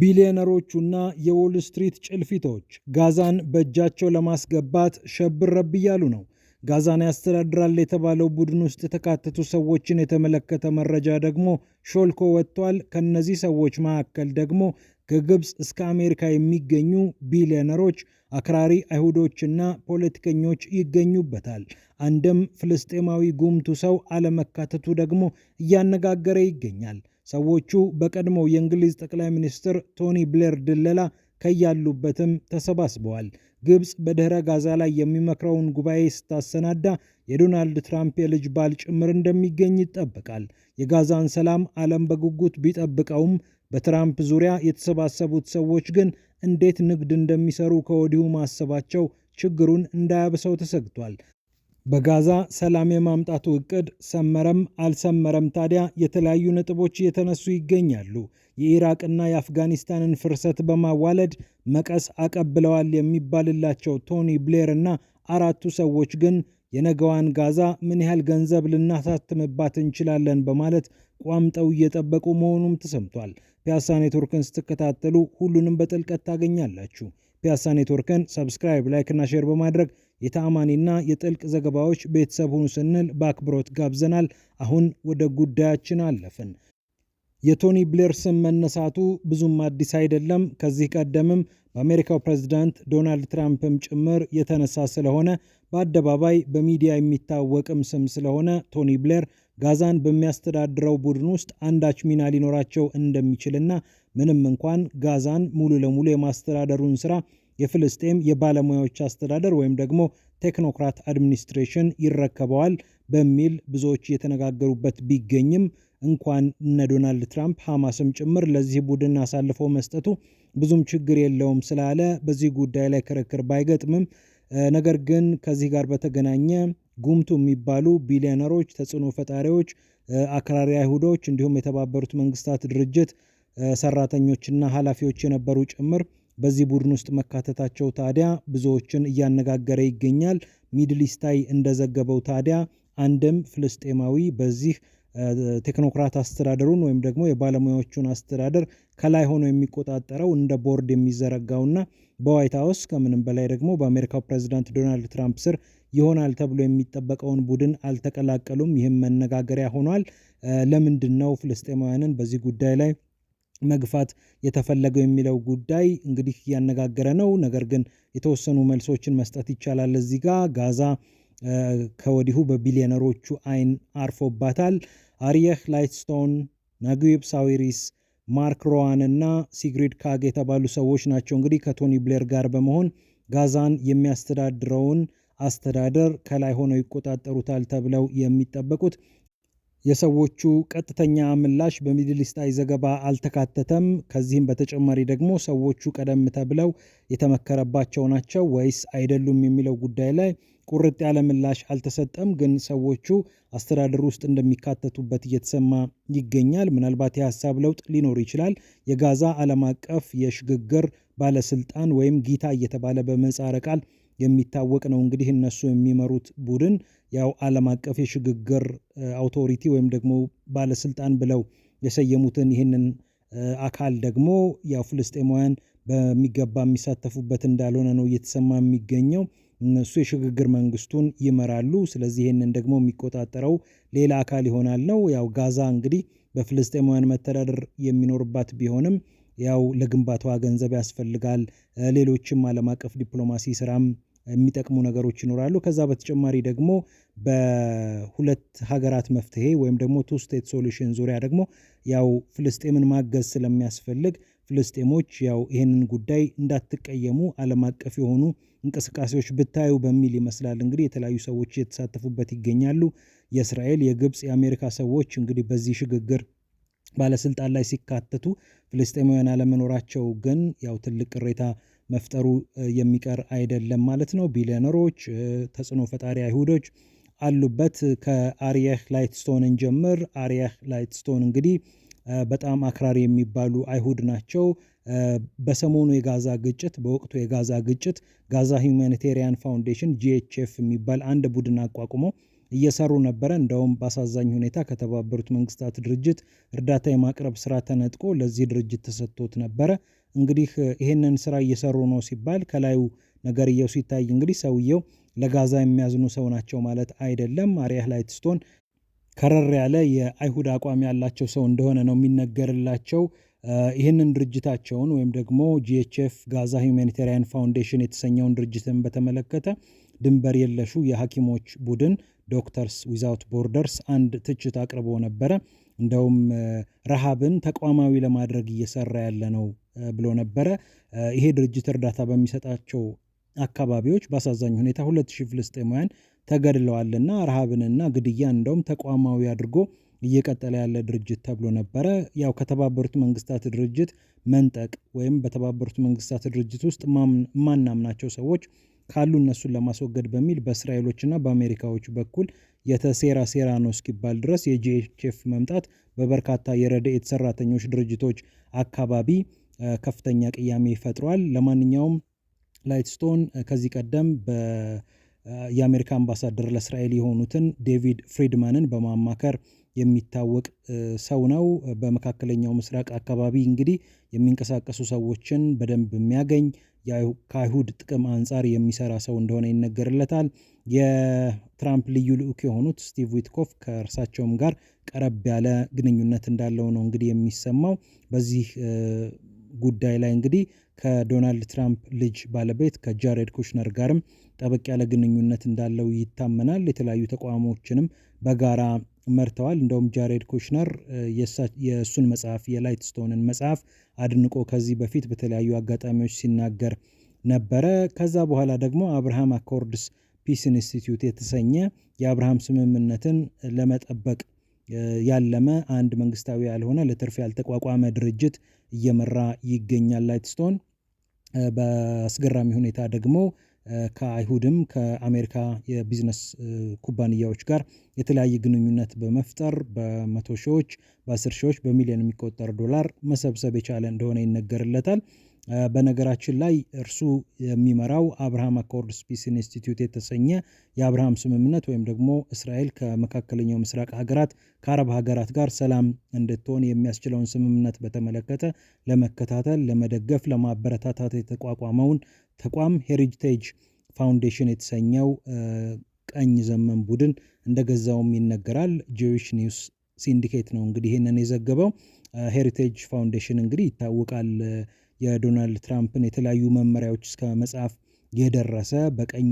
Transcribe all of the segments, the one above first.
ቢሊዮነሮቹና የዎል ስትሪት ጭልፊቶች ጋዛን በእጃቸው ለማስገባት ሸብር ረብ እያሉ ነው። ጋዛን ያስተዳድራል የተባለው ቡድን ውስጥ የተካተቱ ሰዎችን የተመለከተ መረጃ ደግሞ ሾልኮ ወጥቷል። ከእነዚህ ሰዎች መካከል ደግሞ ከግብፅ እስከ አሜሪካ የሚገኙ ቢሊዮነሮች፣ አክራሪ አይሁዶችና ፖለቲከኞች ይገኙበታል። አንድም ፍልስጤማዊ ጉምቱ ሰው አለመካተቱ ደግሞ እያነጋገረ ይገኛል። ሰዎቹ በቀድሞው የእንግሊዝ ጠቅላይ ሚኒስትር ቶኒ ብሌር ድለላ ከያሉበትም ተሰባስበዋል። ግብፅ በድኅረ ጋዛ ላይ የሚመክረውን ጉባኤ ስታሰናዳ የዶናልድ ትራምፕ የልጅ ባል ጭምር እንደሚገኝ ይጠበቃል። የጋዛን ሰላም ዓለም በጉጉት ቢጠብቀውም በትራምፕ ዙሪያ የተሰባሰቡት ሰዎች ግን እንዴት ንግድ እንደሚሰሩ ከወዲሁ ማሰባቸው ችግሩን እንዳያብሰው ተሰግቷል። በጋዛ ሰላም የማምጣቱ እቅድ ሰመረም አልሰመረም ታዲያ የተለያዩ ነጥቦች እየተነሱ ይገኛሉ። የኢራቅና የአፍጋኒስታንን ፍርሰት በማዋለድ መቀስ አቀብለዋል የሚባልላቸው ቶኒ ብሌር እና አራቱ ሰዎች ግን የነገዋን ጋዛ ምን ያህል ገንዘብ ልናሳትምባት እንችላለን በማለት ቋምጠው እየጠበቁ መሆኑም ተሰምቷል። ፒያሳ ኔትወርክን ስትከታተሉ ሁሉንም በጥልቀት ታገኛላችሁ። ፒያሳ ኔትወርክን ሰብስክራይብ፣ ላይክ እና ሼር በማድረግ የተአማኒና የጥልቅ ዘገባዎች ቤተሰብ ሁኑ ስንል በአክብሮት ጋብዘናል። አሁን ወደ ጉዳያችን አለፍን። የቶኒ ብሌር ስም መነሳቱ ብዙም አዲስ አይደለም። ከዚህ ቀደምም በአሜሪካው ፕሬዝዳንት ዶናልድ ትራምፕም ጭምር የተነሳ ስለሆነ በአደባባይ በሚዲያ የሚታወቅም ስም ስለሆነ ቶኒ ብሌር ጋዛን በሚያስተዳድረው ቡድን ውስጥ አንዳች ሚና ሊኖራቸው እንደሚችልና ምንም እንኳን ጋዛን ሙሉ ለሙሉ የማስተዳደሩን ስራ የፍልስጤም የባለሙያዎች አስተዳደር ወይም ደግሞ ቴክኖክራት አድሚኒስትሬሽን ይረከበዋል በሚል ብዙዎች እየተነጋገሩበት ቢገኝም እንኳን እነ ዶናልድ ትራምፕ ሐማስም ጭምር ለዚህ ቡድን አሳልፎ መስጠቱ ብዙም ችግር የለውም ስላለ በዚህ ጉዳይ ላይ ክርክር ባይገጥምም፣ ነገር ግን ከዚህ ጋር በተገናኘ ጉምቱ የሚባሉ ቢሊዮነሮች፣ ተጽዕኖ ፈጣሪዎች፣ አክራሪ አይሁዶች እንዲሁም የተባበሩት መንግስታት ድርጅት ሰራተኞችና ኃላፊዎች የነበሩ ጭምር በዚህ ቡድን ውስጥ መካተታቸው ታዲያ ብዙዎችን እያነጋገረ ይገኛል። ሚድሊስታይ እንደዘገበው ታዲያ አንድም ፍልስጤማዊ በዚህ ቴክኖክራት አስተዳደሩን ወይም ደግሞ የባለሙያዎቹን አስተዳደር ከላይ ሆኖ የሚቆጣጠረው እንደ ቦርድ የሚዘረጋውና በዋይት ሀውስ ከምንም በላይ ደግሞ በአሜሪካው ፕሬዚዳንት ዶናልድ ትራምፕ ስር ይሆናል ተብሎ የሚጠበቀውን ቡድን አልተቀላቀሉም። ይህም መነጋገሪያ ሆኗል። ለምንድን ነው ፍልስጤማውያንን በዚህ ጉዳይ ላይ መግፋት የተፈለገው የሚለው ጉዳይ እንግዲህ እያነጋገረ ነው። ነገር ግን የተወሰኑ መልሶችን መስጠት ይቻላል። እዚህ ጋር ጋዛ ከወዲሁ በቢሊዮነሮቹ አይን አርፎባታል። አሪየህ ላይትስቶን፣ ናጉብ ሳዊሪስ፣ ማርክ ሮዋን እና ሲግሪድ ካግ የተባሉ ሰዎች ናቸው እንግዲህ ከቶኒ ብሌር ጋር በመሆን ጋዛን የሚያስተዳድረውን አስተዳደር ከላይ ሆነው ይቆጣጠሩታል ተብለው የሚጠበቁት የሰዎቹ ቀጥተኛ ምላሽ በሚድል ኢስታይ ዘገባ አልተካተተም። ከዚህም በተጨማሪ ደግሞ ሰዎቹ ቀደም ተብለው የተመከረባቸው ናቸው ወይስ አይደሉም የሚለው ጉዳይ ላይ ቁርጥ ያለ ምላሽ አልተሰጠም። ግን ሰዎቹ አስተዳደር ውስጥ እንደሚካተቱበት እየተሰማ ይገኛል። ምናልባት የሀሳብ ለውጥ ሊኖር ይችላል። የጋዛ ዓለም አቀፍ የሽግግር ባለስልጣን ወይም ጊታ እየተባለ በምህጻረ ቃል የሚታወቅ ነው። እንግዲህ እነሱ የሚመሩት ቡድን ያው ዓለም አቀፍ የሽግግር አውቶሪቲ ወይም ደግሞ ባለስልጣን ብለው የሰየሙትን ይህንን አካል ደግሞ ያው ፍልስጤማውያን በሚገባ የሚሳተፉበት እንዳልሆነ ነው እየተሰማ የሚገኘው። እነሱ የሽግግር መንግስቱን ይመራሉ። ስለዚህ ይህንን ደግሞ የሚቆጣጠረው ሌላ አካል ይሆናል ነው። ያው ጋዛ እንግዲህ በፍልስጤማውያን መተዳደር የሚኖርባት ቢሆንም ያው ለግንባታዋ ገንዘብ ያስፈልጋል። ሌሎችም ዓለም አቀፍ ዲፕሎማሲ ስራም የሚጠቅሙ ነገሮች ይኖራሉ። ከዛ በተጨማሪ ደግሞ በሁለት ሀገራት መፍትሄ ወይም ደግሞ ቱ ስቴት ሶሉሽን ዙሪያ ደግሞ ያው ፍልስጤምን ማገዝ ስለሚያስፈልግ ፍልስጤሞች ያው ይህንን ጉዳይ እንዳትቀየሙ ዓለም አቀፍ የሆኑ እንቅስቃሴዎች ብታዩ በሚል ይመስላል እንግዲህ የተለያዩ ሰዎች እየተሳተፉበት ይገኛሉ። የእስራኤል፣ የግብፅ፣ የአሜሪካ ሰዎች እንግዲህ በዚህ ሽግግር ባለስልጣን ላይ ሲካተቱ ፍልስጤማውያን አለመኖራቸው ግን ያው ትልቅ ቅሬታ መፍጠሩ የሚቀር አይደለም ማለት ነው። ቢሊዮነሮች፣ ተጽዕኖ ፈጣሪ አይሁዶች አሉበት። ከአርየህ ላይትስቶን እንጀምር። አርየህ ላይትስቶን እንግዲህ በጣም አክራሪ የሚባሉ አይሁድ ናቸው። በሰሞኑ የጋዛ ግጭት በወቅቱ የጋዛ ግጭት ጋዛ ሁማኒቴሪያን ፋውንዴሽን ጂኤችኤፍ የሚባል አንድ ቡድን አቋቁሞ እየሰሩ ነበረ። እንደውም በአሳዛኝ ሁኔታ ከተባበሩት መንግስታት ድርጅት እርዳታ የማቅረብ ስራ ተነጥቆ ለዚህ ድርጅት ተሰጥቶት ነበረ። እንግዲህ ይህንን ስራ እየሰሩ ነው ሲባል ከላዩ ነገርየው ሲታይ እንግዲህ ሰውየው ለጋዛ የሚያዝኑ ሰው ናቸው ማለት አይደለም። አሪያህ ላይትስቶን ከረር ያለ የአይሁድ አቋም ያላቸው ሰው እንደሆነ ነው የሚነገርላቸው። ይህንን ድርጅታቸውን ወይም ደግሞ ጂኤችኤፍ ጋዛ ሁማኒታሪያን ፋውንዴሽን የተሰኘውን ድርጅትን በተመለከተ ድንበር የለሹ የሐኪሞች ቡድን ዶክተርስ ዊዛውት ቦርደርስ አንድ ትችት አቅርቦ ነበረ። እንደውም ረሃብን ተቋማዊ ለማድረግ እየሰራ ያለ ነው ብሎ ነበረ። ይሄ ድርጅት እርዳታ በሚሰጣቸው አካባቢዎች በአሳዛኝ ሁኔታ ሁለት ሺህ ፍልስጤማውያን ተገድለዋልና ረሃብንና ግድያን እንደውም ተቋማዊ አድርጎ እየቀጠለ ያለ ድርጅት ተብሎ ነበረ። ያው ከተባበሩት መንግስታት ድርጅት መንጠቅ ወይም በተባበሩት መንግስታት ድርጅት ውስጥ ማናምናቸው ሰዎች ካሉ እነሱን ለማስወገድ በሚል በእስራኤሎችና በአሜሪካዎች በኩል የተሴራ ሴራ ነው እስኪባል ድረስ የጂኤችኤፍ መምጣት በበርካታ የረድኤት ሰራተኞች ድርጅቶች አካባቢ ከፍተኛ ቅያሜ ፈጥሯል። ለማንኛውም ላይትስቶን ከዚህ ቀደም የአሜሪካ አምባሳደር ለእስራኤል የሆኑትን ዴቪድ ፍሪድማንን በማማከር የሚታወቅ ሰው ነው። በመካከለኛው ምስራቅ አካባቢ እንግዲህ የሚንቀሳቀሱ ሰዎችን በደንብ የሚያገኝ ከአይሁድ ጥቅም አንጻር የሚሰራ ሰው እንደሆነ ይነገርለታል። የትራምፕ ልዩ ልዑክ የሆኑት ስቲቭ ዊትኮፍ ከእርሳቸውም ጋር ቀረብ ያለ ግንኙነት እንዳለው ነው እንግዲህ የሚሰማው። በዚህ ጉዳይ ላይ እንግዲህ ከዶናልድ ትራምፕ ልጅ ባለቤት ከጃሬድ ኩሽነር ጋርም ጠበቅ ያለ ግንኙነት እንዳለው ይታመናል። የተለያዩ ተቋሞችንም በጋራ መርተዋል። እንደውም ጃሬድ ኩሽነር የእሱን መጽሐፍ የላይት ስቶንን መጽሐፍ አድንቆ ከዚህ በፊት በተለያዩ አጋጣሚዎች ሲናገር ነበረ። ከዛ በኋላ ደግሞ አብርሃም አኮርድስ ፒስ ኢንስቲትዩት የተሰኘ የአብርሃም ስምምነትን ለመጠበቅ ያለመ አንድ መንግስታዊ ያልሆነ ለትርፍ ያልተቋቋመ ድርጅት እየመራ ይገኛል። ላይትስቶን በአስገራሚ ሁኔታ ደግሞ ከአይሁድም ከአሜሪካ የቢዝነስ ኩባንያዎች ጋር የተለያየ ግንኙነት በመፍጠር በመቶ ሺዎች፣ በአስር ሺዎች፣ በሚሊዮን የሚቆጠር ዶላር መሰብሰብ የቻለ እንደሆነ ይነገርለታል። በነገራችን ላይ እርሱ የሚመራው አብርሃም አኮርድ ስፒስን ኢንስቲትዩት የተሰኘ የአብርሃም ስምምነት ወይም ደግሞ እስራኤል ከመካከለኛው ምስራቅ ሀገራት ከአረብ ሀገራት ጋር ሰላም እንድትሆን የሚያስችለውን ስምምነት በተመለከተ ለመከታተል፣ ለመደገፍ፣ ለማበረታታት የተቋቋመውን ተቋም ሄሪቴጅ ፋውንዴሽን የተሰኘው ቀኝ ዘመን ቡድን እንደገዛውም ይነገራል። ጂዊሽ ኒውስ ሲንዲኬት ነው እንግዲህ ይህንን የዘገበው። ሄሪቴጅ ፋውንዴሽን እንግዲህ ይታወቃል የዶናልድ ትራምፕን የተለያዩ መመሪያዎች እስከ መጽሐፍ የደረሰ በቀኝ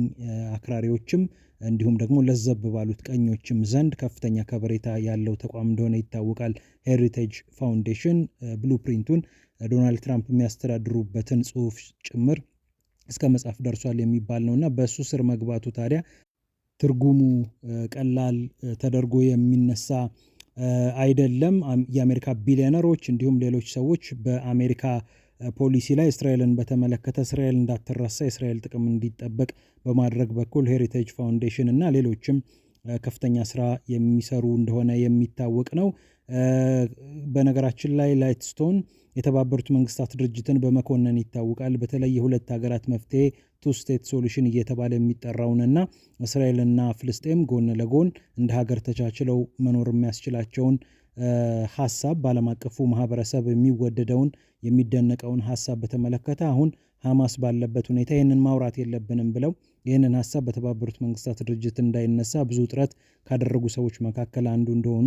አክራሪዎችም እንዲሁም ደግሞ ለዘብ ባሉት ቀኞችም ዘንድ ከፍተኛ ከበሬታ ያለው ተቋም እንደሆነ ይታወቃል። ሄሪቴጅ ፋውንዴሽን ብሉፕሪንቱን ዶናልድ ትራምፕ የሚያስተዳድሩበትን ጽሑፍ ጭምር እስከ መጽሐፍ ደርሷል የሚባል ነው እና በእሱ ስር መግባቱ ታዲያ ትርጉሙ ቀላል ተደርጎ የሚነሳ አይደለም። የአሜሪካ ቢሊዮነሮች እንዲሁም ሌሎች ሰዎች በአሜሪካ ፖሊሲ ላይ እስራኤልን በተመለከተ እስራኤል እንዳትረሳ የእስራኤል ጥቅም እንዲጠበቅ በማድረግ በኩል ሄሪቴጅ ፋውንዴሽን እና ሌሎችም ከፍተኛ ስራ የሚሰሩ እንደሆነ የሚታወቅ ነው። በነገራችን ላይ ላይትስቶን የተባበሩት መንግስታት ድርጅትን በመኮነን ይታወቃል። በተለይ የሁለት ሀገራት መፍትሄ ቱ ስቴት ሶሉሽን እየተባለ የሚጠራውንና እስራኤልና ፍልስጤም ጎን ለጎን እንደ ሀገር ተቻችለው መኖር የሚያስችላቸውን ሀሳብ በዓለም አቀፉ ማህበረሰብ የሚወደደውን የሚደነቀውን ሀሳብ በተመለከተ አሁን ሀማስ ባለበት ሁኔታ ይህንን ማውራት የለብንም ብለው ይህንን ሀሳብ በተባበሩት መንግስታት ድርጅት እንዳይነሳ ብዙ ጥረት ካደረጉ ሰዎች መካከል አንዱ እንደሆኑ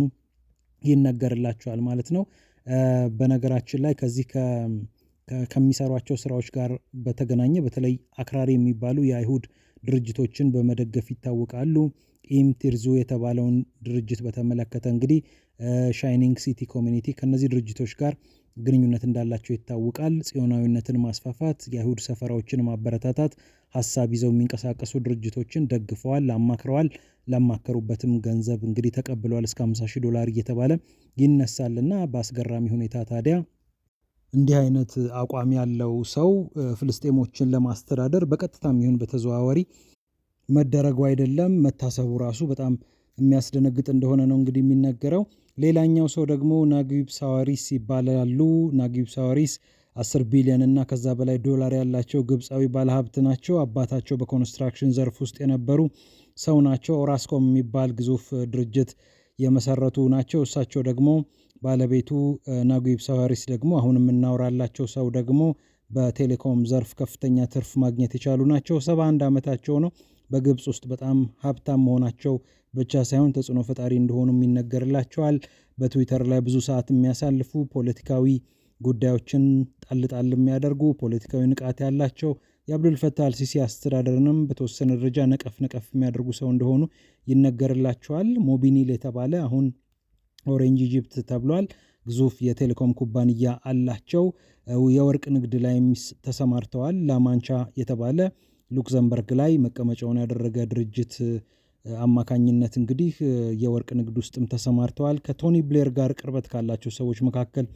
ይነገርላቸዋል ማለት ነው። በነገራችን ላይ ከዚህ ከሚሰሯቸው ስራዎች ጋር በተገናኘ በተለይ አክራሪ የሚባሉ የአይሁድ ድርጅቶችን በመደገፍ ይታወቃሉ። ኢምቲርዙ የተባለውን ድርጅት በተመለከተ እንግዲህ ሻይኒንግ ሲቲ ኮሚኒቲ ከእነዚህ ድርጅቶች ጋር ግንኙነት እንዳላቸው ይታወቃል። ጽዮናዊነትን ማስፋፋት፣ የአይሁድ ሰፈራዎችን ማበረታታት ሀሳብ ይዘው የሚንቀሳቀሱ ድርጅቶችን ደግፈዋል፣ አማክረዋል። ላማከሩበትም ገንዘብ እንግዲህ ተቀብለዋል። እስከ 50 ሺህ ዶላር እየተባለ ይነሳልና በአስገራሚ ሁኔታ ታዲያ እንዲህ አይነት አቋም ያለው ሰው ፍልስጤሞችን ለማስተዳደር በቀጥታም ይሁን በተዘዋዋሪ መደረጉ አይደለም መታሰቡ ራሱ በጣም የሚያስደነግጥ እንደሆነ ነው እንግዲህ የሚነገረው። ሌላኛው ሰው ደግሞ ናጊብ ሳዋሪስ ይባላሉ። ናጊብ ሳዋሪስ አስር ቢሊዮን እና ከዛ በላይ ዶላር ያላቸው ግብፃዊ ባለሀብት ናቸው። አባታቸው በኮንስትራክሽን ዘርፍ ውስጥ የነበሩ ሰው ናቸው። ኦራስኮም የሚባል ግዙፍ ድርጅት የመሰረቱ ናቸው። እሳቸው ደግሞ ባለቤቱ ናጉብ ሳዋሪስ ደግሞ አሁን የምናወራላቸው ሰው ደግሞ በቴሌኮም ዘርፍ ከፍተኛ ትርፍ ማግኘት የቻሉ ናቸው። ሰባ አንድ ዓመታቸው ነው። በግብፅ ውስጥ በጣም ሀብታም መሆናቸው ብቻ ሳይሆን ተጽዕኖ ፈጣሪ እንደሆኑም ይነገርላቸዋል። በትዊተር ላይ ብዙ ሰዓት የሚያሳልፉ ፖለቲካዊ ጉዳዮችን ጣልጣል የሚያደርጉ ፖለቲካዊ ንቃት ያላቸው የአብዱልፈታ አልሲሲ አስተዳደርንም በተወሰነ ደረጃ ነቀፍ ነቀፍ የሚያደርጉ ሰው እንደሆኑ ይነገርላቸዋል። ሞቢኒል የተባለ አሁን ኦሬንጅ ኢጂፕት ተብሏል ግዙፍ የቴሌኮም ኩባንያ አላቸው። የወርቅ ንግድ ላይ ተሰማርተዋል። ላማንቻ የተባለ ሉክዘምበርግ ላይ መቀመጫውን ያደረገ ድርጅት አማካኝነት እንግዲህ የወርቅ ንግድ ውስጥም ተሰማርተዋል። ከቶኒ ብሌር ጋር ቅርበት ካላቸው ሰዎች መካከል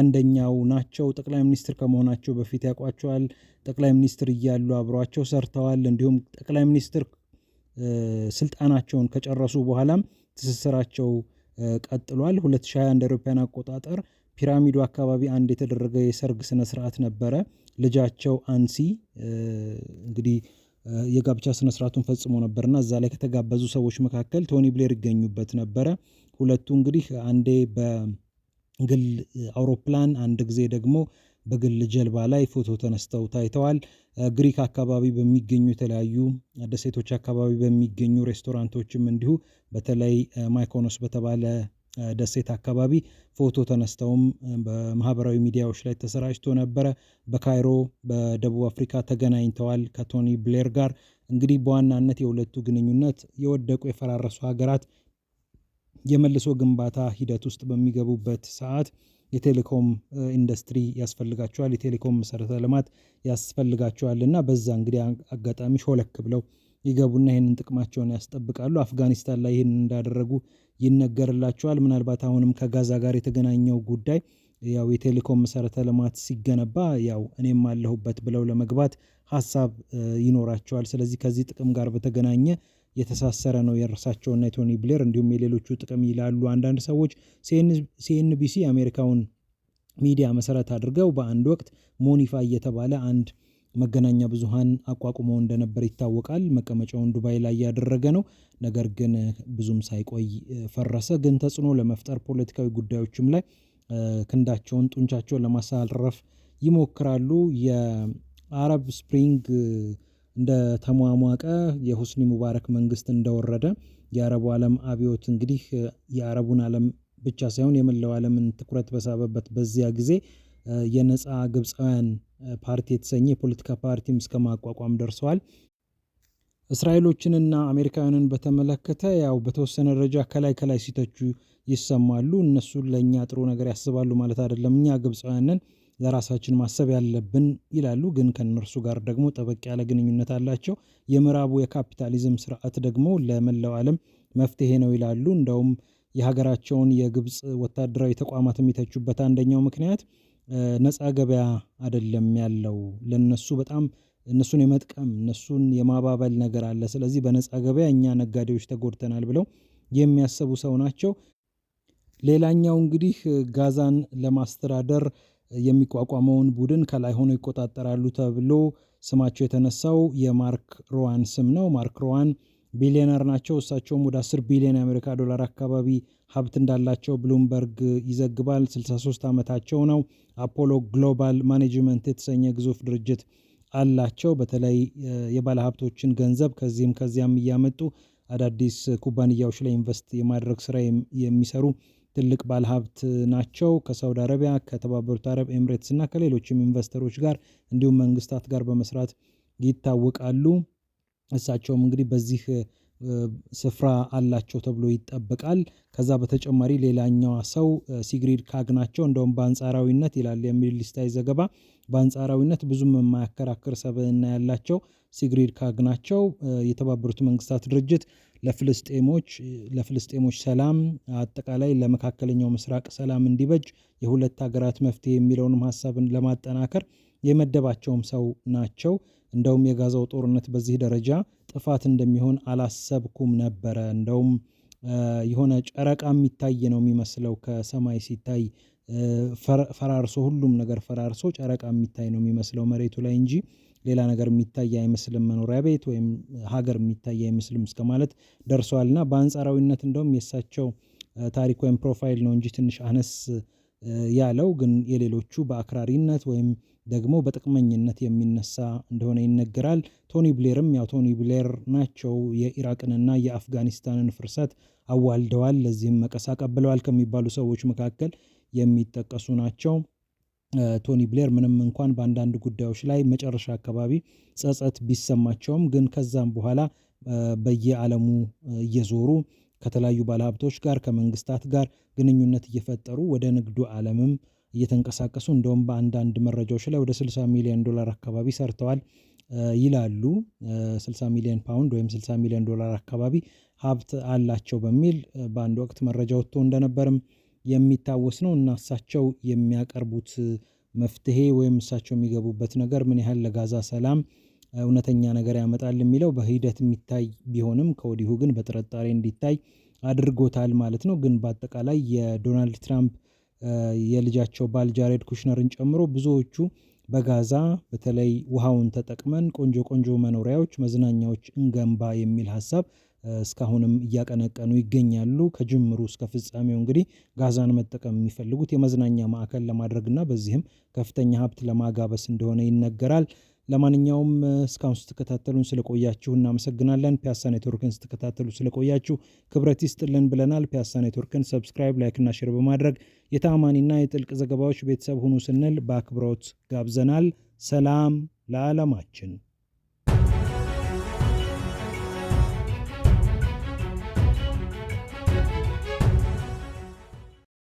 አንደኛው ናቸው። ጠቅላይ ሚኒስትር ከመሆናቸው በፊት ያውቋቸዋል። ጠቅላይ ሚኒስትር እያሉ አብሯቸው ሰርተዋል። እንዲሁም ጠቅላይ ሚኒስትር ስልጣናቸውን ከጨረሱ በኋላም ትስስራቸው ቀጥሏል። 2021 እንደ አውሮፓውያን አቆጣጠር ፒራሚዱ አካባቢ አንድ የተደረገ የሰርግ ስነ ስርዓት ነበረ። ልጃቸው አንሲ እንግዲህ የጋብቻ ስነ ስርዓቱን ፈጽሞ ነበርና እዛ ላይ ከተጋበዙ ሰዎች መካከል ቶኒ ብሌር ይገኙበት ነበረ። ሁለቱ እንግዲህ አንዴ በግል አውሮፕላን አንድ ጊዜ ደግሞ በግል ጀልባ ላይ ፎቶ ተነስተው ታይተዋል። ግሪክ አካባቢ በሚገኙ የተለያዩ ደሴቶች አካባቢ በሚገኙ ሬስቶራንቶችም እንዲሁ በተለይ ማይኮኖስ በተባለ ደሴት አካባቢ ፎቶ ተነስተውም በማህበራዊ ሚዲያዎች ላይ ተሰራጭቶ ነበረ። በካይሮ በደቡብ አፍሪካ ተገናኝተዋል ከቶኒ ብሌር ጋር። እንግዲህ በዋናነት የሁለቱ ግንኙነት የወደቁ የፈራረሱ ሀገራት የመልሶ ግንባታ ሂደት ውስጥ በሚገቡበት ሰዓት የቴሌኮም ኢንዱስትሪ ያስፈልጋቸዋል፣ የቴሌኮም መሰረተ ልማት ያስፈልጋቸዋል እና በዛ እንግዲህ አጋጣሚ ሾለክ ብለው ይገቡና ይህንን ጥቅማቸውን ያስጠብቃሉ። አፍጋኒስታን ላይ ይህንን እንዳደረጉ ይነገርላቸዋል። ምናልባት አሁንም ከጋዛ ጋር የተገናኘው ጉዳይ ያው የቴሌኮም መሰረተ ልማት ሲገነባ ያው እኔም አለሁበት ብለው ለመግባት ሀሳብ ይኖራቸዋል። ስለዚህ ከዚህ ጥቅም ጋር በተገናኘ የተሳሰረ ነው የእርሳቸውና የቶኒ ብሌር እንዲሁም የሌሎቹ ጥቅም ይላሉ አንዳንድ ሰዎች። ሲኤንቢሲ የአሜሪካውን ሚዲያ መሰረት አድርገው በአንድ ወቅት ሞኒፋይ እየተባለ አንድ መገናኛ ብዙሃን አቋቁሞ እንደነበር ይታወቃል። መቀመጫውን ዱባይ ላይ ያደረገ ነው። ነገር ግን ብዙም ሳይቆይ ፈረሰ። ግን ተጽዕኖ ለመፍጠር ፖለቲካዊ ጉዳዮችም ላይ ክንዳቸውን ጡንቻቸውን ለማሳረፍ ይሞክራሉ። የአረብ ስፕሪንግ እንደ ተሟሟቀ የሁስኒ ሙባረክ መንግስት እንደወረደ የአረቡ ዓለም አብዮት እንግዲህ የአረቡን ዓለም ብቻ ሳይሆን የመላው ዓለምን ትኩረት በሳበበት በዚያ ጊዜ የነፃ ግብፃውያን ፓርቲ የተሰኘ የፖለቲካ ፓርቲም እስከ ማቋቋም ደርሰዋል። እስራኤሎችንና አሜሪካውያንን በተመለከተ ያው በተወሰነ ደረጃ ከላይ ከላይ ሲተቹ ይሰማሉ። እነሱ ለእኛ ጥሩ ነገር ያስባሉ ማለት አይደለም፣ እኛ ግብፃውያንን ለራሳችን ማሰብ ያለብን ይላሉ። ግን ከእነርሱ ጋር ደግሞ ጠበቅ ያለ ግንኙነት አላቸው። የምዕራቡ የካፒታሊዝም ስርዓት ደግሞ ለመላው ዓለም መፍትሄ ነው ይላሉ። እንደውም የሀገራቸውን የግብፅ ወታደራዊ ተቋማት የሚተቹበት አንደኛው ምክንያት ነፃ ገበያ አይደለም ያለው ለነሱ በጣም እነሱን የመጥቀም እነሱን የማባበል ነገር አለ። ስለዚህ በነፃ ገበያ እኛ ነጋዴዎች ተጎድተናል ብለው የሚያስቡ ሰው ናቸው። ሌላኛው እንግዲህ ጋዛን ለማስተዳደር የሚቋቋመውን ቡድን ከላይ ሆኖ ይቆጣጠራሉ ተብሎ ስማቸው የተነሳው የማርክ ሮዋን ስም ነው። ማርክ ሮዋን ቢሊዮነር ናቸው። እሳቸውም ወደ 10 ቢሊዮን የአሜሪካ ዶላር አካባቢ ሀብት እንዳላቸው ብሉምበርግ ይዘግባል። 63 ዓመታቸው ነው። አፖሎ ግሎባል ማኔጅመንት የተሰኘ ግዙፍ ድርጅት አላቸው። በተለይ የባለሀብቶችን ገንዘብ ከዚህም ከዚያም እያመጡ አዳዲስ ኩባንያዎች ላይ ኢንቨስት የማድረግ ስራ የሚሰሩ ትልቅ ባለሀብት ናቸው። ከሳውዲ አረቢያ፣ ከተባበሩት አረብ ኤምሬትስ እና ከሌሎችም ኢንቨስተሮች ጋር እንዲሁም መንግስታት ጋር በመስራት ይታወቃሉ። እሳቸውም እንግዲህ በዚህ ስፍራ አላቸው ተብሎ ይጠበቃል። ከዛ በተጨማሪ ሌላኛዋ ሰው ሲግሪድ ካግ ናቸው። እንደውም በአንጻራዊነት ይላል የሚድል ስታይ ዘገባ በአንጻራዊነት ብዙም የማያከራክር ሰብዕና ያላቸው ሲግሪድ ካግ ናቸው። የተባበሩት መንግስታት ድርጅት ለፍልስጤሞች ለፍልስጤሞች ሰላም አጠቃላይ ለመካከለኛው ምስራቅ ሰላም እንዲበጅ የሁለት ሀገራት መፍትሄ የሚለውንም ሀሳብን ለማጠናከር የመደባቸውም ሰው ናቸው። እንደውም የጋዛው ጦርነት በዚህ ደረጃ ጥፋት እንደሚሆን አላሰብኩም ነበረ። እንደውም የሆነ ጨረቃ የሚታይ ነው የሚመስለው ከሰማይ ሲታይ ፈራርሶ ሁሉም ነገር ፈራርሶ ጨረቃ የሚታይ ነው የሚመስለው መሬቱ ላይ እንጂ ሌላ ነገር የሚታይ አይመስልም። መኖሪያ ቤት ወይም ሀገር የሚታይ አይመስልም እስከ ማለት ደርሰዋል። እና በአንጻራዊነት እንደውም የእሳቸው ታሪክ ወይም ፕሮፋይል ነው እንጂ ትንሽ አነስ ያለው ግን የሌሎቹ በአክራሪነት ወይም ደግሞ በጥቅመኝነት የሚነሳ እንደሆነ ይነገራል። ቶኒ ብሌርም ያው ቶኒ ብሌር ናቸው የኢራቅንና የአፍጋኒስታንን ፍርሰት አዋልደዋል ለዚህም መቀስ አቀብለዋል ከሚባሉ ሰዎች መካከል የሚጠቀሱ ናቸው። ቶኒ ብሌር ምንም እንኳን በአንዳንድ ጉዳዮች ላይ መጨረሻ አካባቢ ጸጸት ቢሰማቸውም ግን ከዛም በኋላ በየዓለሙ እየዞሩ ከተለያዩ ባለሀብቶች ጋር ከመንግስታት ጋር ግንኙነት እየፈጠሩ ወደ ንግዱ ዓለምም እየተንቀሳቀሱ እንደውም በአንዳንድ መረጃዎች ላይ ወደ 60 ሚሊዮን ዶላር አካባቢ ሰርተዋል ይላሉ 60 ሚሊዮን ፓውንድ ወይም 60 ሚሊዮን ዶላር አካባቢ ሀብት አላቸው በሚል በአንድ ወቅት መረጃ ወጥቶ እንደነበርም የሚታወስ ነው እና እሳቸው የሚያቀርቡት መፍትሄ ወይም እሳቸው የሚገቡበት ነገር ምን ያህል ለጋዛ ሰላም እውነተኛ ነገር ያመጣል የሚለው በሂደት የሚታይ ቢሆንም ከወዲሁ ግን በጥርጣሬ እንዲታይ አድርጎታል ማለት ነው። ግን በአጠቃላይ የዶናልድ ትራምፕ የልጃቸው ባል ጃሬድ ኩሽነርን ጨምሮ ብዙዎቹ በጋዛ በተለይ ውሃውን ተጠቅመን ቆንጆ ቆንጆ መኖሪያዎች፣ መዝናኛዎች እንገንባ የሚል ሀሳብ እስካሁንም እያቀነቀኑ ይገኛሉ። ከጅምሩ እስከ ፍጻሜው እንግዲህ ጋዛን መጠቀም የሚፈልጉት የመዝናኛ ማዕከል ለማድረግና በዚህም ከፍተኛ ሀብት ለማጋበስ እንደሆነ ይነገራል። ለማንኛውም እስካሁን ስትከታተሉን ስለቆያችሁ እናመሰግናለን። ፒያሳ ኔትወርክን ስትከታተሉ ስለቆያችሁ ክብረት ይስጥልን ብለናል። ፒያሳ ኔትወርክን ሰብስክራይብ፣ ላይክ እና ሼር በማድረግ የታማኒና የጥልቅ ዘገባዎች ቤተሰብ ሁኑ ስንል በአክብሮት ጋብዘናል። ሰላም ለዓለማችን።